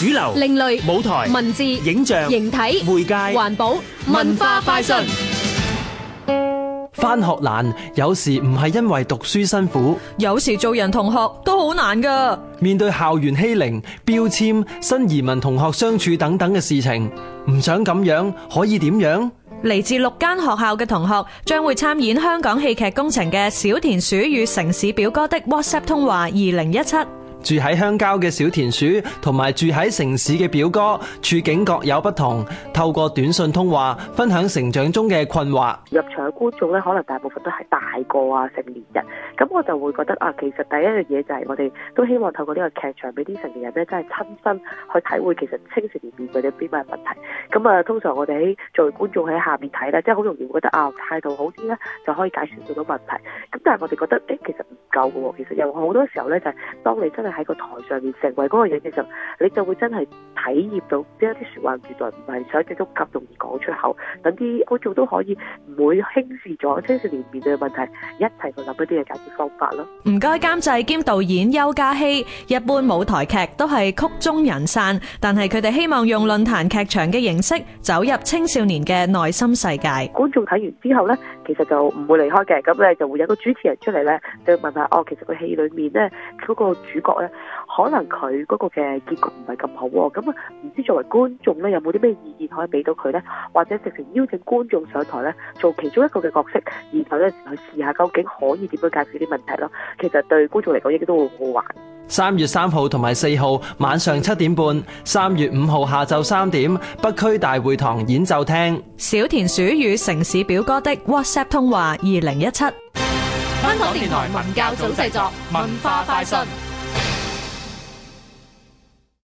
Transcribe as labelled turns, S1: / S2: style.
S1: 主流、另類舞台、文字、影像、形體、媒介、環保、文化快訊。返學難有時唔係因為讀書辛苦，有時做人同學都好難㗎。面對校園欺凌、標籤、新移民同學相處等等嘅事情，唔想咁樣可以點樣？
S2: 嚟自六間學校嘅同學將會參演香港戲劇工程嘅《小田鼠與城市表哥》的 WhatsApp 通話二零一七。
S1: 住喺鄉郊嘅小田鼠同埋住喺城市嘅表哥，處境各有不同。透過短信通話，分享成長中嘅困惑。
S3: 入場嘅觀眾咧，可能大部分都係大個啊成年人，咁我就會覺得啊，其實第一樣嘢就係我哋都希望透過呢個劇場，俾啲成年人咧真係親身去體會，其實青少年面對啲邊啲問題。咁、嗯、啊，通常我哋喺作為觀眾喺下面睇咧，即係好容易會覺得啊態度好啲咧，就可以解決到到問題。咁但係我哋覺得，誒、欸、其實唔夠嘅喎，其實有好多時候咧，就係、是、當你真係，喺個台上面成為嗰個嘢嘅時候，你就會真係。體驗到即係啲說話，絕對唔係想這種急，仲唔講出口。等啲觀眾都可以唔會輕視咗青少年面對嘅問題，一齊去諗一啲嘅解決方法咯。
S2: 唔該監製兼導演邱家希，一般舞台劇都係曲終人散，但係佢哋希望用論壇劇場嘅形式走入青少年嘅內心世界。
S3: 觀眾睇完之後咧，其實就唔會離開嘅，咁咧就會有個主持人出嚟咧，就問下哦，其實個戲裡面咧嗰個主角咧，可能佢嗰個嘅結局唔係咁好喎，咁。唔知作為觀眾咧，有冇啲咩意見可以俾到佢呢？或者直情邀請觀眾上台咧，做其中一個嘅角色，然後咧去試下究竟可以點樣解決啲問題咯。其實對觀眾嚟講，亦都會好玩。
S1: 三月三號同埋四號晚上七點半，三月五號下晝三點，北區大會堂演奏廳，《小田鼠與城市表哥》的 WhatsApp 通話二零一七。
S2: 香港電台文教組製作，文化快訊。